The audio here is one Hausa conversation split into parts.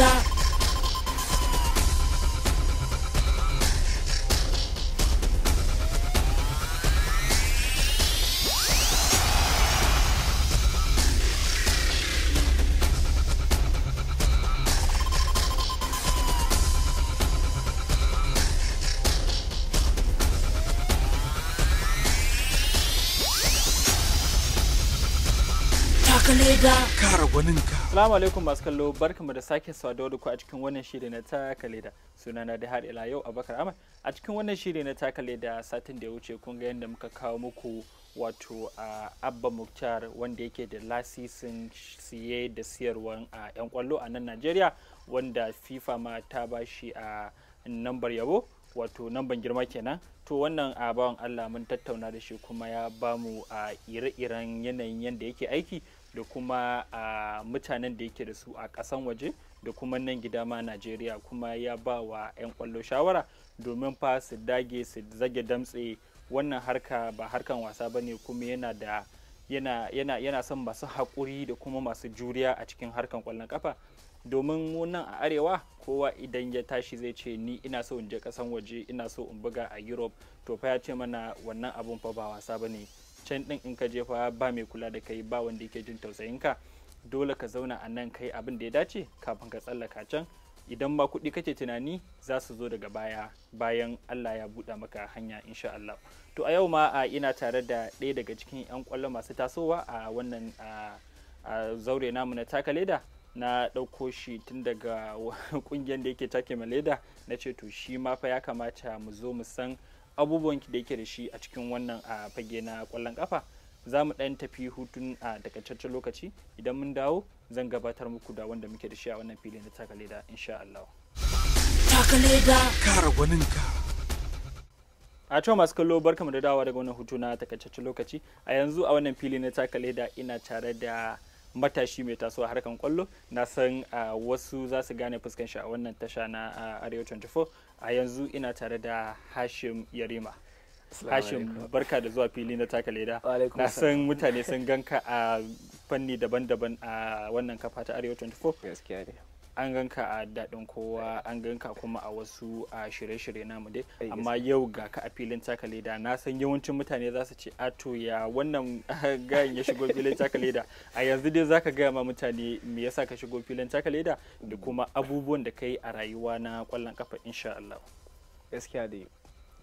가자 Assalamu alaikum masu kallo barkamu da sake saduwa da ku a cikin wannan shiri na taka leda na da har ila yau Abakar Ahmad a cikin wannan shiri na taka leda satin da ya wuce kun ga yadda muka kawo muku wato a Abba Muktar wanda yake da lasisin siye da siyarwar a 'yan kwallo a nan Najeriya wanda FIFA ma ta bashi a nambar yabo wato namban girma kenan to wannan a bawan Allah mun tattauna da shi kuma ya bamu a ire-iren yanayin yadda yake aiki da kuma a mutanen da yake da su a ƙasan waje da kuma nan gida ma najeriya kuma ya ba wa 'yan kwallo shawara domin fa su dage su zage damtse wannan harka ba harkan wasa ba ne kuma yana da yana yana son masu haƙuri da kuma masu juriya a cikin harkan kwallon kafa domin nan a arewa kowa idan ya tashi zai ce ni ina so in je kasan waje ina so in buga a europe to fa ya ce mana wannan abun fa ba wasa ba ne can din in ka jefa ba mai kula da kai ba wanda yake jin tausayin ka dole ka zauna a nan kai abin da ya dace kafin ka tsallaka can idan ba kuɗi kake tunani za su zo daga baya bayan Allah ya buɗe maka hanya insha Allah to a yau ma a ina tare da ɗaya daga cikin 'yan ƙwallo masu tasowa a wannan a zaure namu na taka leda na ɗauko shi tun daga ƙungiyar da yake take leda na ce to shi ma fa ya kamata mu zo mu san abubuwan da yake da shi a cikin wannan a fage na kwallon kafa za mu ɗan tafi hutun a takaitaccen lokaci idan mun dawo zan gabatar muku da wanda muke da shi a wannan fili na taka leda insha Allah. Taka leda kara ka. A cewa masu kallo barkamu da dawa daga wannan hutu na takaitaccen lokaci a yanzu a wannan fili na taka ina tare da matashi mai tasowa harkan kwallo na san ah, wasu za su gane fuskan shi a wannan tasha na ah, arewa 24 a yanzu ina tare da hashim yarima hashim barka da zuwa fili na taka leda na san mutane sun ganka a fanni daban-daban a wannan kafa ta arewa 24 an ganka a daɗin kowa an ganka kuma a wasu a shirye-shirye namu dai eh, amma yau ga ka a filin taka na san yawancin mutane za su ce ato ya wannan gayan ya shigo filin taka a yanzu dai zaka gaya ma mutane me yasa ka shigo filin taka leda da kuma abubuwan da kai a rayuwa na kwallon kafa insha Allah gaskiya dai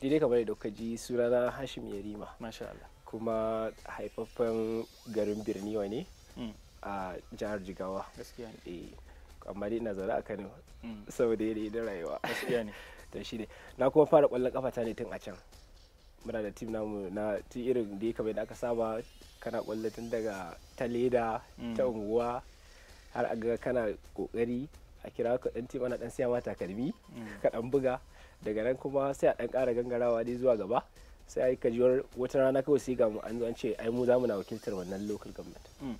dai kamar da kuka ji sunana Hashim Yarima masha Allah kuma haifaffen garin Birniwa ne mm. a jihar Jigawa gaskiya eh. amma dai ina zaune a Kano mm. da yanayi da rayuwa gaskiya ne to ne. na kuma fara kwallon kafa ta ne tun a can muna da team namu na tun irin da kamar da aka saba kana kwallo tun daga ta leda mm. ta unguwa har a ga kana kokari a kira ka dan team ana dan siya mata takalmi mm. ka dan buga daga nan kuma sai a dan kara gangarawa dai zuwa gaba sai a yi wata rana kawai sai ga mu an an ce ai mu zamu na wakiltar wannan local government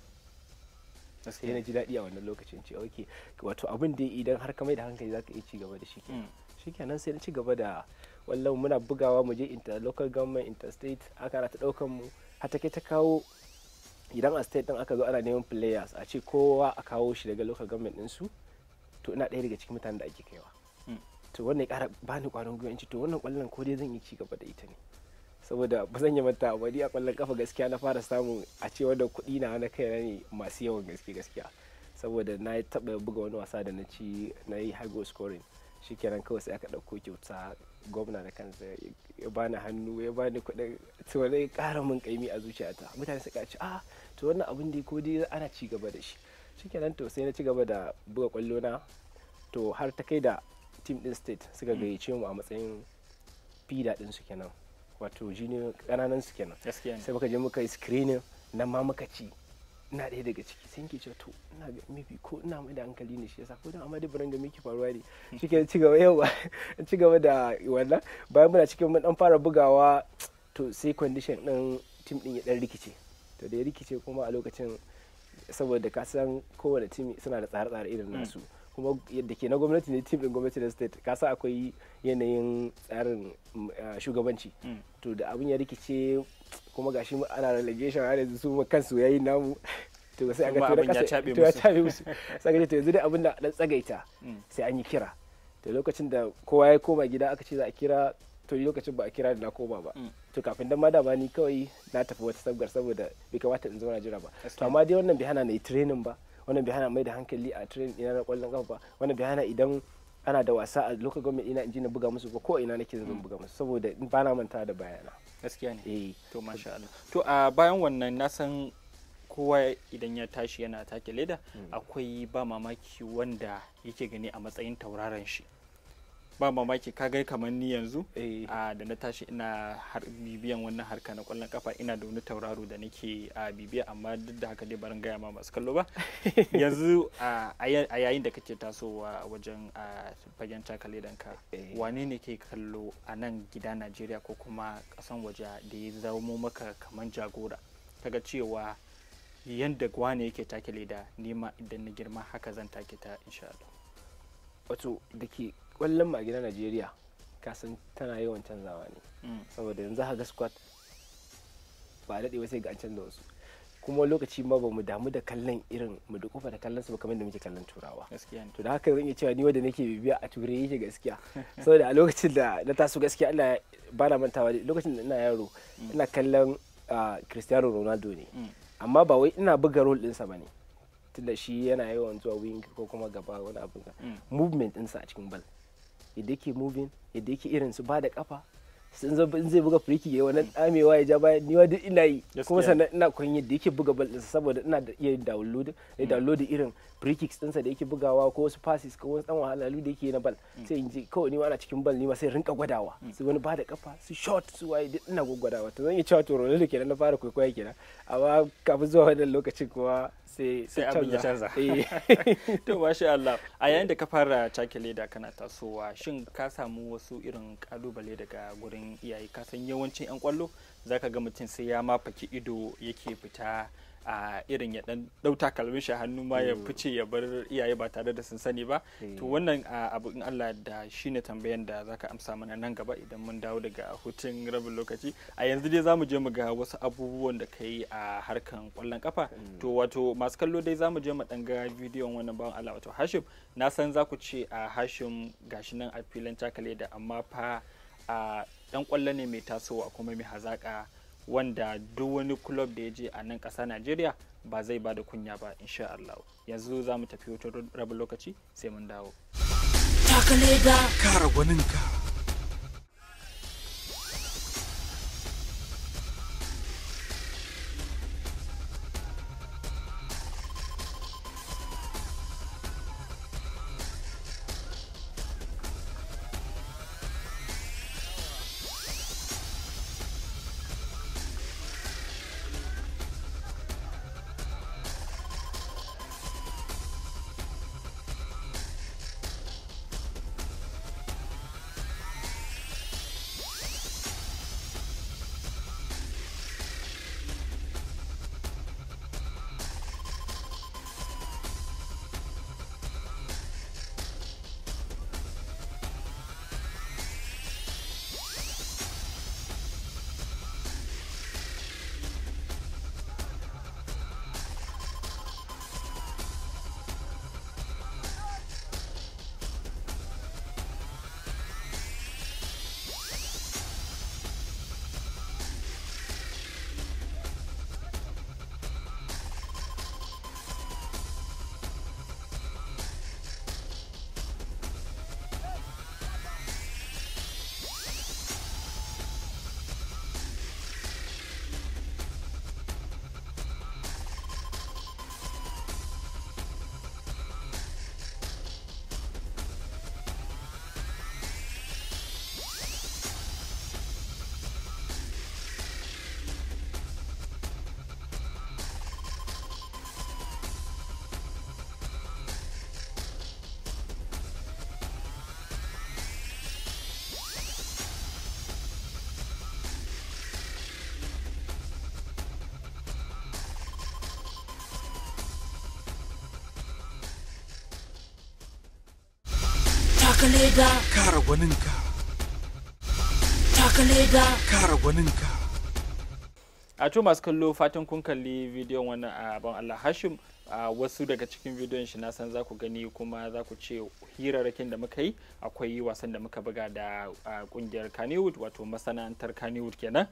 sai na ji daɗi a wannan lokacin ce ok wato abin da idan har ka mai da hankali zaka iya ci gaba da shi mm. shikenan sai na ci gaba da wallan muna bugawa mu je inter local government interstate aka na ta ɗaukan mu har take ta kawo idan a state din aka zo ana neman players a ce kowa a kawo shi daga local government din su to ina ɗaya daga cikin mutanen da ake kaiwa mm. to wannan ya ƙara bani ƙwarin gwiwa to wannan ƙwallon ko dai zan yi ci gaba da ita ne saboda ba zan yi mata ba a kwallon kafa gaskiya na fara samu a cewa da kuɗi na na kai ne masu yawan gaske gaskiya saboda na taɓa buga wani wasa da na ci na yi high goal scoring shikenan kawai sai aka ɗauko kyauta gwamna da kansa ya bani hannu ya bani kuɗin to wani ƙara min kaimi a zuciyata mutane suka ce ah to wannan abin da ko dai ana ci gaba da shi shikenan to sai na ci gaba da buga kwallo na to har ta kai da team din state suka gayyace mu a matsayin fida din su kenan wato jini kananan su kenan sai muka je muka yi screening na ma muka ci na ɗaya daga ciki sai yake cewa to ina ga mafi ko ina mai da hankali ne shi yasa ko da amma birnin ga miki faruwa ne shi ke gaba yawa ci gaba da wannan bayan muna cikin mun dan fara bugawa to sai condition din team din ya dan rikice to da ya rikice kuma a lokacin saboda ka san kowane team suna da tsare-tsare irin mm. nasu mm. kuma yadda ke na gwamnati ne tim gwamnati na state kasa akwai yanayin tsarin eh, shugabanci mm. to da abin ya rikice kuma gashi ana relegation har yanzu su kansu yayi namu to sai aka tura kasa to ya tabe musu sai to yanzu dai abin da dan tsagaita mm. sai an yi kira to lokacin da kowa ya koma gida aka ce za a kira to lokacin ba a kira da na koma ba mm. to kafin dan ma dama ni kawai na tafi wata sabgar saboda bai kamata in zauna jira ba to amma dai wannan bai hana na yi training ba wannan bai hana mai da hankali a train ina na kwallon kafa wannan bai hana idan ana da wasa a lokacin government ina in ji na buga musu ba ko ina nake zan buga musu saboda ba na manta da bayana gaskiya ne eh to masha Allah to a bayan wannan na san kowa idan ya tashi yana take leda hmm. akwai ba mamaki wanda yake gani a matsayin tauraron shi ba mamaki ka gai kamar ni yanzu eh. a da na tashi ina har bibiyan wannan harka na kwallon kafa ina da wani tauraro da nake a bibiya amma duk da haka dai barin gaya ma masu kallo ba yanzu a yayin da kake tasowa wajen fagen dan ka eh. wane ne ke kallo a nan gida najeriya ko kuma kasan waje da ya zamo maka kamar jagora kaga cewa yadda gwane yake take leda nima idan na girma haka zan take ta insha Allah wato da ke kwallon magina gidan najeriya kasan tana yawan canzawa ne mm. saboda yanzu haka squad ba a daɗe sai ga an canza wasu kuma lokaci ma ba mu damu da kallon irin mu da kofa da kallon su ba kamar da muke kallon turawa to da haka zan iya cewa ni wanda nake bibiya a ture yake gaskiya saboda a lokacin da na taso gaskiya ina ba na mantawa lokacin da ina yaro mm. ina kallon Cristiano Ronaldo ne mm. amma ba wai ina buga role ɗinsa ba ne tunda shi yana yawan zuwa wing ko kuma gaba wani abin movement ɗinsa a cikin ball yadda yake moving yadda yake irin su ba da kafa sun zo in zai buga friki ya wannan damewa ya ja baya ni wa duk ina yi kuma sannan ina koyon yadda yake buga ball din saboda ina da iya download ya mm. download irin free kicks din sa da yake bugawa ko wasu passes ko wasu dan wahalalu da yake na ball mm. sai in ji kawai ni ma ana cikin ball ni ma sai rinka gwadawa mm. su wani ba da kafa su shot su waye duk ina gwadawa to zan yi cewa to Ronaldo kenan na fara kwaikwaya kenan amma kafin zuwa wannan lokacin kuma sai abin eh. to Allah a yayin da ka fara cake leda kana tasowa shin ka samu wasu irin kalubale daga gurin iyaye ka san yawancin yan kwallo zaka ga mutum sai ya ma faki ido yake fita a irin ya dan dauta kalmin shi hannu ma ya mm. fice ya bar iyaye ba tare da sun sani ba mm. to wannan abu in Allah da shine tambayan da zaka amsa mana nan gaba idan mun dawo daga hutun rabin lokaci a yanzu dai zamu je mu ga wasu abubuwan da kai a harkan kwallon kafa mm. to wato masu kallo dai zamu je mu dan ga bidiyon wannan bawan Allah wato Hashim na san zaku ce a Hashim gashi nan a filin takale da amma fa a dan kwallo ne mai tasowa kuma mai hazaka wanda duk wani club da ya je a nan ƙasa Najeriya ba zai ba da kunya ba insha Allah yanzu za mu tafi wata rabin lokaci sai mun dawo. Taka leda! Kara gwaninka! takaleda kara gwaninka takale kara gwaninka a to masu kallo fatan kun kalli bidiyon wannan abin Allah Hashim a wasu daga cikin bidiyon shi na san za ku gani kuma za ku ce hirarrakin da muka yi akwai wasan da muka buga da kungiyar kannywood wato masana'antar kannywood kenan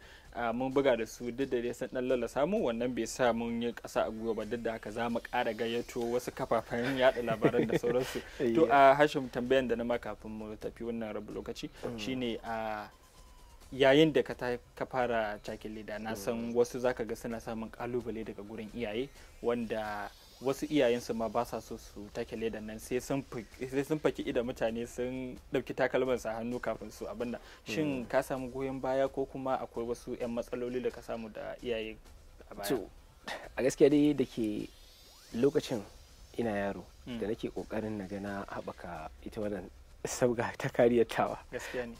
mun buga da su duk da sun dan lalla samu wannan bai sa mun yi kasa a gwiwa ba duk da haka za mu kara gayyato wasu kafafen yada labaran da sauransu to a hashim tambayan da na ma kafin mu tafi wannan rabu lokaci mm. shine a yayin da ka fara cakin leda na mm. san wasu zaka ga suna samun kalubale daga gurin iyaye wanda wasu iyayensu ma ba sa so su take da nan sai sun faki idan mutane sun ɗauki takalmansu hannu kafin su abin da shin hmm. ka samu goyon baya ko kuma akwai wasu 'yan matsaloli da ka samu da iyaye a baya a gaskiya dai da ke lokacin ina yaro hmm. da nake kokarin na gana haɓaka ita wannan sabga ta kariyar tawa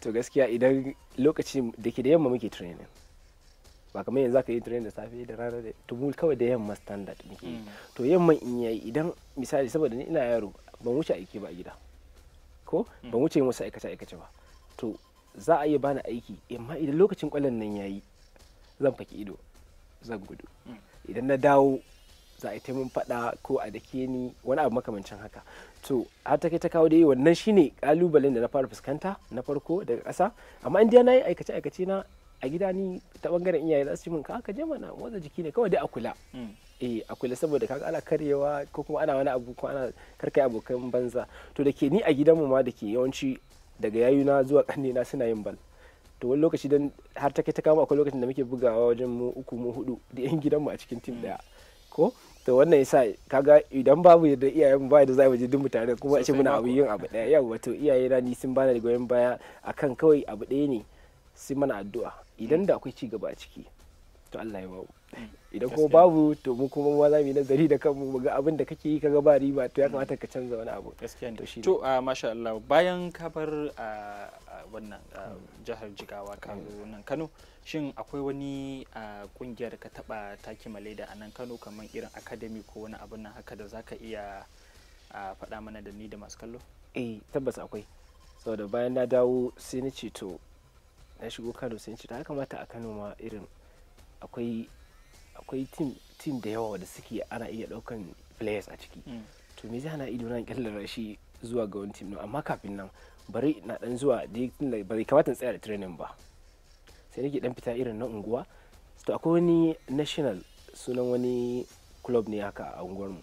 to gaskiya idan lokaci da ke da yamma muke training ba kamar yanzu zaka yi train da safe da rana da tumul kawai da yamma standard muke mm. to yamma in yayi idan misali saboda ni ina yaro ban wuce aiki ba a gida ko mm. ban wuce wasu aikace aikace ba to za a iya bani aiki amma idan lokacin kwallon nan yayi zan faki ido zan gudu mm. idan na dawo za a yi taimun fada ko a dake ni wani abu makamancin haka to har ta kai ta kawo dai wannan shine kalubalen da na fara fuskanta na farko daga ƙasa amma indiya na yi aikace aikace na a gida ni ta bangaren iyaye za su ci min ka je mana motsa jiki ne kawai dai a kula mm. eh a kula saboda kaga ana karyewa ko kuma ana wani abu ko ana karkai abokan banza to da ke ni a gidanmu ma da ke yawanci daga yayuna zuwa na suna yin bal to wani lokaci dan har ta kai ta kama akwai lokacin da muke bugawa wajen mu uku mu hudu da yan gidanmu a cikin tim daya mm. ko to wannan yasa kaga idan babu da iyayen ba da zai waje duk mutane kuma a ce muna abu yin abu daya yawa to iyaye na ni sun bani da goyon baya akan kawai abu ɗaya ne sai mana addu'a idan da akwai ci gaba a ciki to Allah ya bawo idan kuma babu to mu kuma ma za mu yi nazari da kanmu mu ga abin da kake yi kaga ba riba to ya kamata ka canza wani abu gaskiya shi to a masha Allah bayan ka bar wannan jihar Jigawa ka zo mm. nan Kano shin akwai wani kungiyar ka taba taki malaida a nan Kano kamar irin academy ko wani abin nan haka da zaka iya faɗa mana da ni da masu kallo eh tabbas akwai saboda bayan na dawo sai na ce to na shigo kano sun ce ta kamata a kano ma irin akwai akwai tim da yawa da suke ana iya daukan players a ciki hmm. to me zai hana ido na kyallara shi zuwa ga wani tim amma kafin nan bari na dan zuwa da bari kamata in tsaya da training ba sai nake dan fita irin na unguwa to akwai wani national sunan wani club ne haka a unguwarmu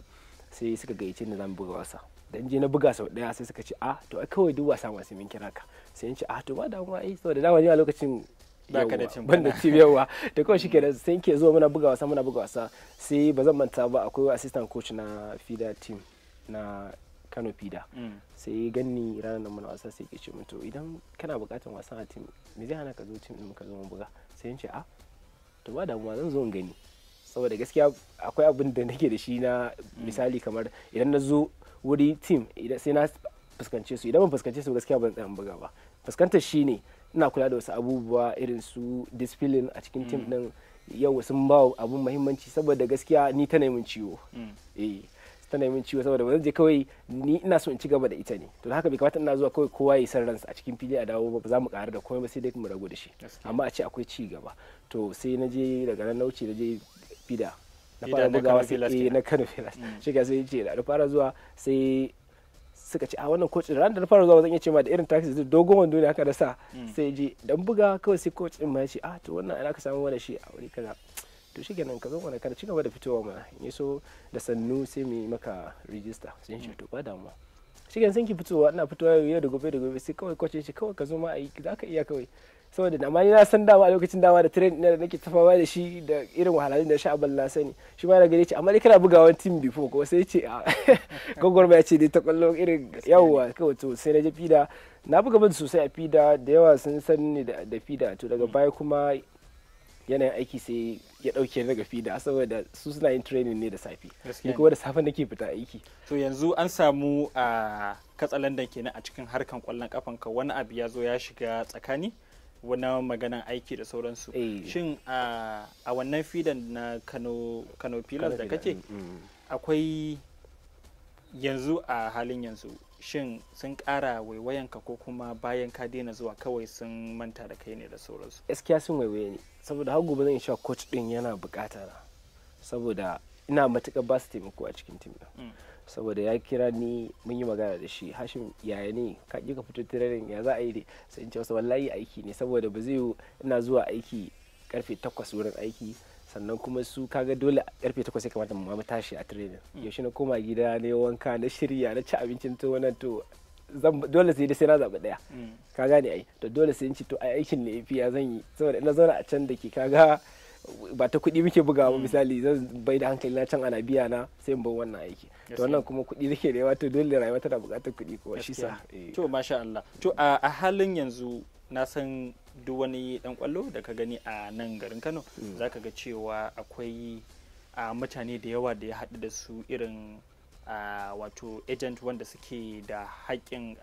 sai suka gayyace ni zan buga wasa Dan je na buga sau daya sai suka ce a ah, to ai kawai duk wasa masu min kira ka sai in ce a ah, to ba kuma ai saboda dama ni a lokacin baka da cin banda ci yawa da kawai shike da sai ke zuwa muna buga wasa muna buga wasa sai ba zan manta ba akwai assistant coach na FIDA team na Kano FIDA mm. sai ganni ranar nan muna wasa sai ke ce mun to idan kana bukatan wasa a team me zai hana ka zo team din ka zo mu buga sai in ce a ah, to ba damuwa zan zo in gani saboda gaskiya akwai abin da nake da shi na mm. misali kamar idan na zo wuri team sai na fuskance su idan ban fuskance su gaskiya ban tsaya buga ba fuskantar shi ne ina kula da wasu abubuwa irin su discipline a cikin team din mm. yau sun ba abun muhimmanci saboda gaskiya ni ta neman ciwo mm. eh ta neman ciwo saboda ba je kawai ni ina so in ci gaba da ita ne to haka bai kamata ina zuwa kawai kowa ya san ransa a cikin fili a dawo ba za mu karu da komai ba sai dai mu rago da shi amma a ce akwai ci gaba to sai na je daga nan na wuce na je fida da fara bugawa sai eh, na Kano Filas mm. shi ga sai ce da fara zuwa sai suka ce a wannan kocin ran da na fara zuwa zan iya ce ma da irin taxi da dogon wando ne haka da sa mm. sai je dan buga kawai sai kocin ma ya ce a ah, to wannan ana ka samu wani shi a wuri kaza to shi kenan ka zo mana kana ci gaba da fitowa mana in so da sannu sai mu yi maka rijista sai shi to ba damuwa shi kenan sun ki fitowa ina fitowa yau da gobe da gobe sai kawai kocin shi kawai ka zo ma a za ka iya kawai saboda amma ni na san dama a lokacin dama da train da nake tafawa da shi da irin wahalhalun da sha'aban na sani shi ma da ce amma dai kana wani team before kuma sai ce a ah. ya ce dai ta kwallo irin yawwa kawai to sai na je fida na buga bin sosai a fida da yawa sun san ni da fida to daga baya kuma yanayin aiki sai ya dauke daga fida saboda su suna yin training ne da safe ni kuma da safe nake fita aiki to yanzu an samu a ah, katsalandan kenan a cikin harkan kwallon kafanka wani abu ya zo ya shiga tsakani Wani maganan aiki da sauransu eh. shin a wannan fidan na kano pilas da kace mm, mm. akwai yanzu a halin yanzu shin sun ƙara waiwayanka ko kuma bayan ka daina zuwa kawai sun manta da kai ne da sauransu gaskiya sun waiwaye ne saboda har gobe zan sha coach din yana bukata saboda ina matuƙar ba su taimako a cikin tim saboda ya kira ni mun yi magana da shi hashim yaya ne ka ka fito tirenin ya za a yi ne sai in ce masa wallahi aiki ne saboda ba zai ina zuwa aiki karfe takwas wurin aiki sannan kuma su kaga dole karfe takwas ya kamata mu mu tashi a tirenin yaushe na koma gida na wanka na shirya na ci abincin to wannan to dole sai sai na zaɓi ɗaya mm. ka gane ai to dole sai in ce to aikin ne fi ya zan yi saboda ina zauna a can da ke kaga ba ta kuɗi muke buga ba mm. misali zan bai da hankali na can ana biya na sai bar wannan aiki to wannan kuma kuɗi nake da yawa to dole rayuwa tana buƙatar kuɗi kuma shi sa eh. to masha Allah to a halin yanzu na san duk wani dan kwallo da ka gani a nan garin Kano mm. zaka ga cewa akwai a mutane da yawa da ya haɗu da su irin wato agent wanda suke da haƙƙin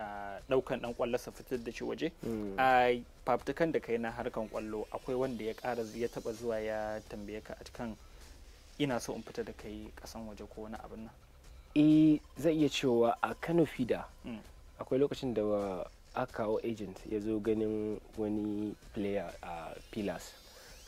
ɗaukan ɗan ƙwallo su fitar da shi waje hmm. a fafutukan da kai na harkan kwallo akwai wanda ya ƙara ya taba zuwa ya tambaye ka a cikin ina so in fita da kai ƙasan waje ko wani abin nan e eh, zai iya cewa a kano fida hmm. akwai lokacin da aka kawo agent ya zo ganin wani player a pillars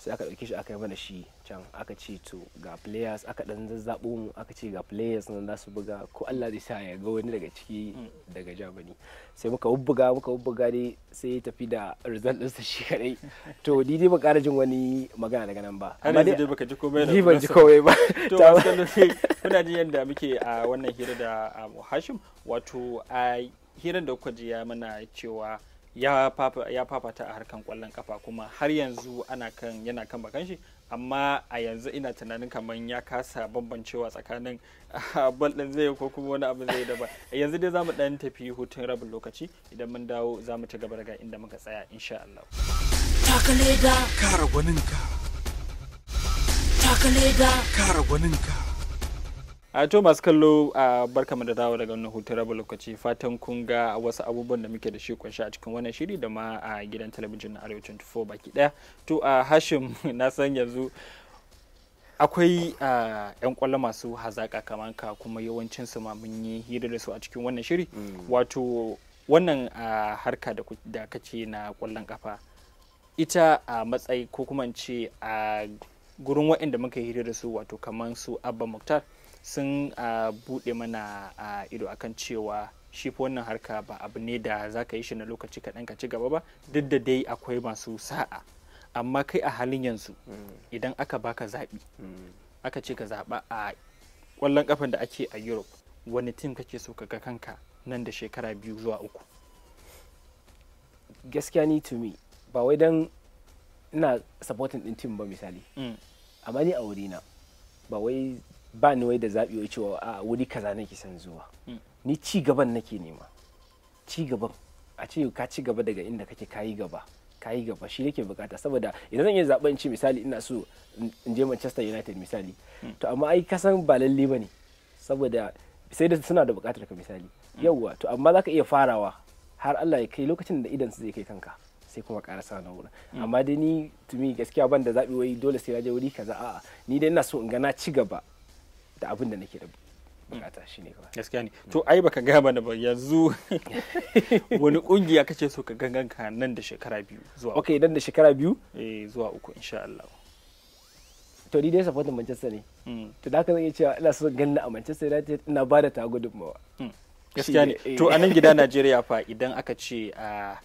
sai aka ɗauke shi aka yi mana shi can aka ce to ga players aka ɗan zazzaɓo mu aka ce ga players nan za su buga ko Allah zai sa ya ga wani daga ciki daga Germany sai muka bubbuga muka bubbuga dai sai ya tafi da result sa shi kadai to ni dai ba ƙara jin wani magana daga nan ba amma dai baka ji komai ni ban ji komai ba to kuna jin yadda muke a wannan hira da um, Hashim wato a hiran da kuka ji ya mana cewa ya fafata a harkan kwallon kafa kuma har yanzu ana kan yana kan bakan shi amma a yanzu ina tunanin kamar ya kasa bambancewa tsakanin ah, bal din zai ko kuma wani abu zai daban yanzu dai zamu ɗan tafi hutun rabin lokaci idan mun dawo zamu ci gaba daga inda muka tsaya insha Allah takale da kara gwaninka takale kara gwaninka a to masu kallo a barkamu da dawo daga wannan hutun raba lokaci fatan kun ga wasu abubuwan da muke da shi kunshi a cikin wannan shiri da ma a gidan talabijin na arewacin 24 baki daya to a hashim na san yanzu akwai yan kwallo masu hazaka kamar ka kuma yawancin su ma mun yi hira da su a cikin wannan shiri mm. wato wannan harka da kace na kwallon kafa ita a matsayi ko kuma ce a gurin waɗanda muka hira da su wato kamar su abba muktar sun ah, buɗe mana ah, ido akan cewa shi fa wannan harka ba abu ne da za ka yi shi na lokaci kaɗan ka ci gaba ba duk da dai akwai masu sa'a amma kai a halin yanzu mm. idan aka baka zaɓi mm. aka ce ka zaɓa a ƙwallon ƙafan da ake a europe wani tim kake so ka ga kanka nan da shekara biyu zuwa uku gaskiya ni to me ba wai dan ina supporting din tim ba misali mm. amma ni a wurina ba wai ba ni wai da zaɓi wai cewa a wuri kaza nake son zuwa hmm. ni ci gaban nake nema ci gaban a ce ka ci gaba daga inda kake kayi gaba kayi gaba shi nake bukata saboda idan zan yi zaɓen ci misali ina so in je Manchester United misali hmm. to amma ai ka san ba lalle bane saboda sai da suna da bukatar ka misali hmm. yawwa to amma zaka iya farawa har Allah ya kai lokacin da idan su zai kai kanka sai kuma ƙara sa wurin amma dai ni tumi gaskiya ban da zaɓi wai dole sai na je wuri kaza a'a ni dai ina so in ga na ci gaba da abin da nake da bukata shine kawai gaskiya ne to ai baka gaya mana ba yanzu wani kungiya kace so ka gangan ka nan da shekara biyu zuwa okay nan da shekara biyu eh zuwa uku insha Allah to ni dai support Manchester ne hmm. to da haka zan iya cewa ina son ganin a Manchester United ina bada ta gudunmawa hmm. gaskiya ne eh. to a nan gida Najeriya fa idan aka ce ah,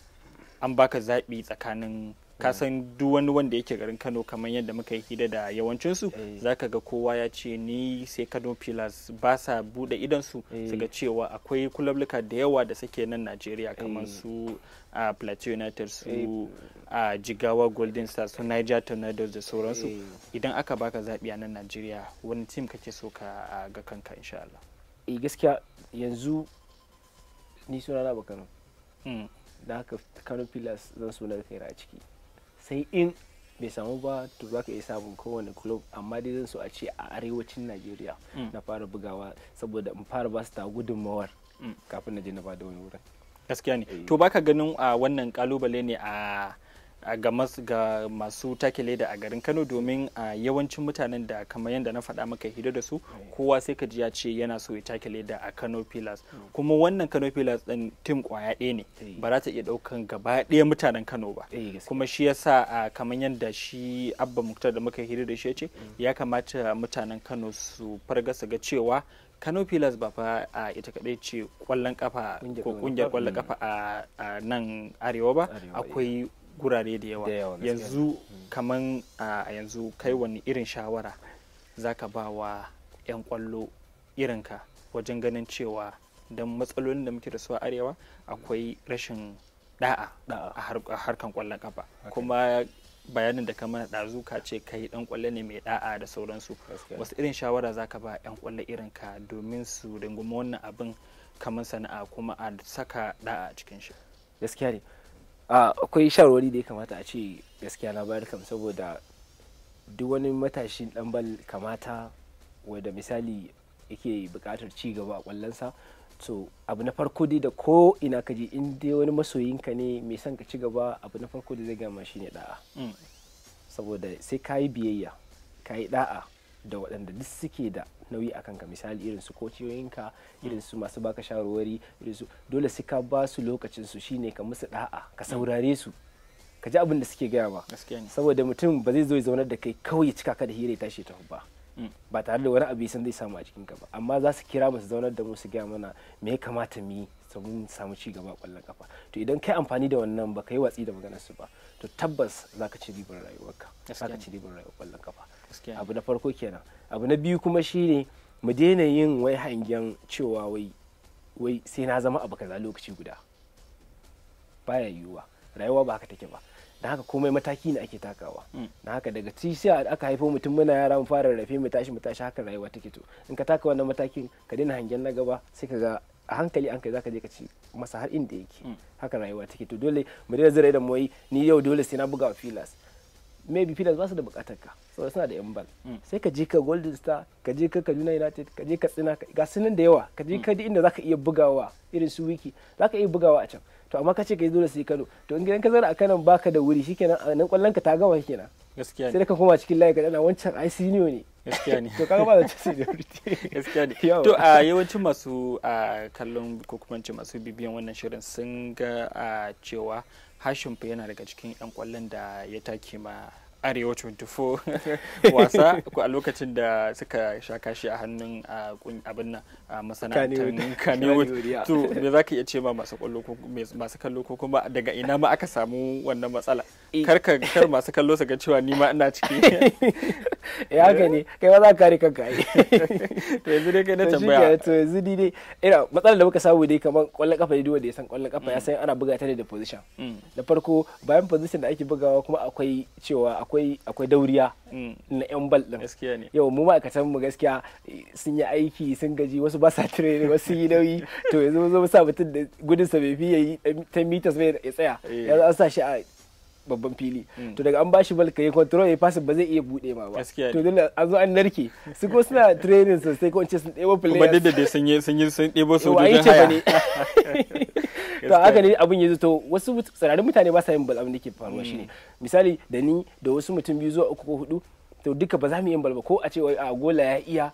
an baka zaɓi tsakanin ka mm. san duk wani wanda yake garin kano kamar yadda muka yi hida da yawancinsu eh. za ka ga kowa ya ce ni sai kano pillars ba sa buɗe idan eh. su ga cewa akwai kulabluka da yawa da suke nan najeriya kamar eh. su a plateau united su a jigawa golden stars su niger tornadoes da sauransu idan aka baka zabi a nan najeriya wani tim kake so ka ga kanka insha Allah. gaskiya yanzu ni sunana na bakano hmm. da haka kano pillars zan na kai a ciki sai in bai samu ba to za ka iya samun kowane club amma dai zan so a ce a arewacin najeriya mm. na fara bugawa saboda in fara ba su ta gudunmawar mm. kafin na je na ba da wani wurin gaskiya ne eh. to baka ganin a ah, wannan kalubale ne a ga masu takile da a garin kano domin a yawancin mutanen da kamar yadda na faɗa maka hira da su mm. kowa sai ka ji ya ce yana so ya takile da a kano pillars mm. kuma wannan kano pillars din tim kwaya ɗaya ne eh. ba za ta iya ɗaukan gaba ɗaya mutanen kano ba eh, kuma shi yasa kamar yadda shi abba muktar da muka hira da shi ya ce mm. ya kamata mutanen kano su farga su ga cewa kano pillars ba fa a ita kadai ce kwallon kafa ko kungiyar kwallon kafa a nan arewa ba akwai gurare da yawa yanzu hmm. kaman a yanzu kai wani irin shawara za ka ba wa 'yan kwallo irinka wajen ganin cewa don matsalolin da muke da su a arewa akwai rashin da'a a harkan kwallon kafa kuma bayanin da ka mana ɗazu ka ce kai ɗan kwallo ne mai da'a da sauransu wasu irin shawara za ka ba 'yan kwallo irinka domin su rungumi wannan abin kamar sana'a kuma a saka da'a cikin shi gaskiya ne akwai shawarwari da ya kamata a ce gaskiya na bayar kam saboda duk wani matashi dan bal kamata wadda misali yake bukatar ci gaba a kwallonsa to abu na farko dai da ko ina kaji je in dai wani masoyinka ne mai son ka ci gaba abu na farko da zai gama shi ne da'a mm. saboda sai ka yi biyayya ka yi da'a da waɗanda duk suke da nauyi a ka misali irin su kociyoyinka irin su masu baka shawarwari irin su dole sai ka ba su lokacin su shine ka musu da'a ka saurare su ka ji abin da suke gaya ba saboda mutum ba zai zo ya zaunar da kai kawai cika ka da hira ya tashi tafi ba mm. ba tare da wani abu san zai samu a cikin ka ba amma za su kira mu su zaunar da mu su gaya mana me ya kamata mu yi samu ci gaba kwallon kafa to idan kai amfani da wannan ba ka yi watsi da maganar su ba to tabbas zaka ci ribar rayuwarka zaka ci ribar rayuwar kwallon kafa abu na farko kenan abu na biyu kuma shine mu daina yin wai hangen cewa wai sai na zama abu kaza lokaci guda baya yiwuwa rayuwa ba haka take ba na haka komai mataki ne ake takawa mm. na haka daga tisha aka haifo mutum muna yara mu fara rafe mu tashi mu tashi haka rayuwa take to in ka taka wannan matakin ka daina hangen na gaba sai ka ga a hankali an kai zaka je ka ci masa har inda yake mm. haka rayuwa take to dole mu daina zira da mu ni yau dole sai na buga filas maybe Phillies ba su da bukatar ka so suna da yan bal mm. sai ka je ka Golden Star ka je ka Kaduna United ka je ka Tsina ga sunan da yawa ka je mm. ka inda zaka iya bugawa irin su wiki zaka iya bugawa a can to amma ka ce ka yi dole sai Kano to in gidan ka zara a Kano baka da wuri shikenan a nan kwallon ka ta gama shikenan. gaskiya sai ka koma cikin layi ka dana wancan ai senior ne gaskiya ne to kaga ba da seniority gaskiya ne to a yawancin masu kallon ko masu bibiyan wannan shirin sun ga cewa hashim fa yana daga cikin 'yan kwallon da ya take ma arewa 24 wasa a lokacin da suka sha kashi a hannun abin nan masana'antar Kaniwood to me za ka iya ce ma masu kallo ko kuma daga ina ma aka samu wannan matsala eh. kar masu kallo su ga cewa ni ma ina ciki eh haka ne kai ma za ka kare kanka yi to yanzu dai kai na tambaya to yanzu dai ina eh, matsalar da muka samu dai kamar kwallon kafa duk wanda ya san kwallon kafa ya mm. san ana buga ta ne da position mm. da farko bayan position da ake bugawa kuma akwai cewa akwai akwai dauriya mm. na yan bal din gaskiya ne yau mu ma'aikatan mu gaskiya eh, sun yi aiki sun gaji wasu ba sa training wasu yi nauyi to yanzu mun zo mu sa mutum da gudun sa bai fi yayi eh, ta meters bai ya tsaya yanzu an sa shi a babban fili mm. to daga an bashi bal kai control ya fasa ba zai iya bude ma ba to dole an zo an narke su ko suna training sai ko in ce sun ɗebo players kuma duk da sun yi sun yi sun ɗebo sojojin haya to haka ne abin ya zo to wasu tsararin mutane ba sa yin bal abin da ke faruwa shine mm. misali da ni da wasu mutum biyu zuwa uku ko hudu to duka ba za mu yi bal ba ko a ce a gola ya iya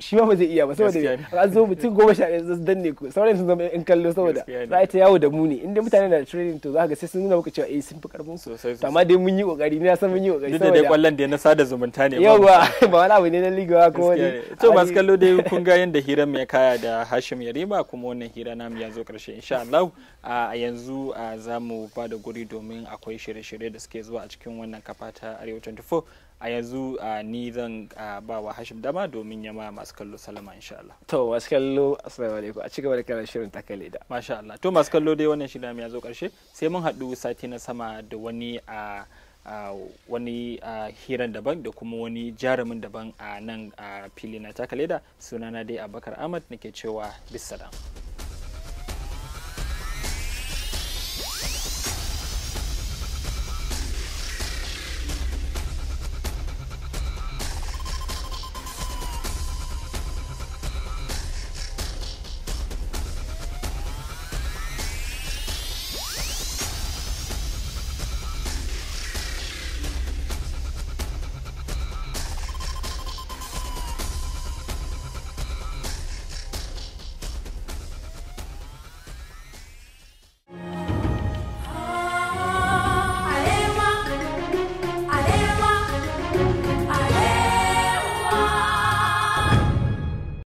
shi ma ba zai iya ba saboda ba zo mutum goma sha ɗaya zan danne ku sauran sun zama in kallo saboda za a ta yawo da mu ne inda mutane na training to za ga sai sun nuna maka cewa eh sun fi karfin su to amma dai mun yi kokari ne san mun yi kokari saboda dai kwallon da na sada zumunta ne yawa ba wani abu ne na liga ko wani to masu kallo dai kun ga yanda hirar mai kaya da Hashim Yarima kuma wannan hira namu ya zo karshe insha Allah a yanzu za mu ba da guri domin akwai shirye-shirye da suke zuwa a cikin wannan kafa ta Arewa 24 a yanzu ni zan ba wa hashim dama domin ya ma masu kallo salama insha Allah to masu kallo asalamu alaikum a ci gaba da karan shirin takale da masha Allah to masu kallo dai wannan shirin ya zo karshe sai mun haɗu sati na sama da wani a wani hiran daban da kuma wani jarumin daban a nan a fili na takaleda sunana dai abubakar ahmad nake cewa bisalam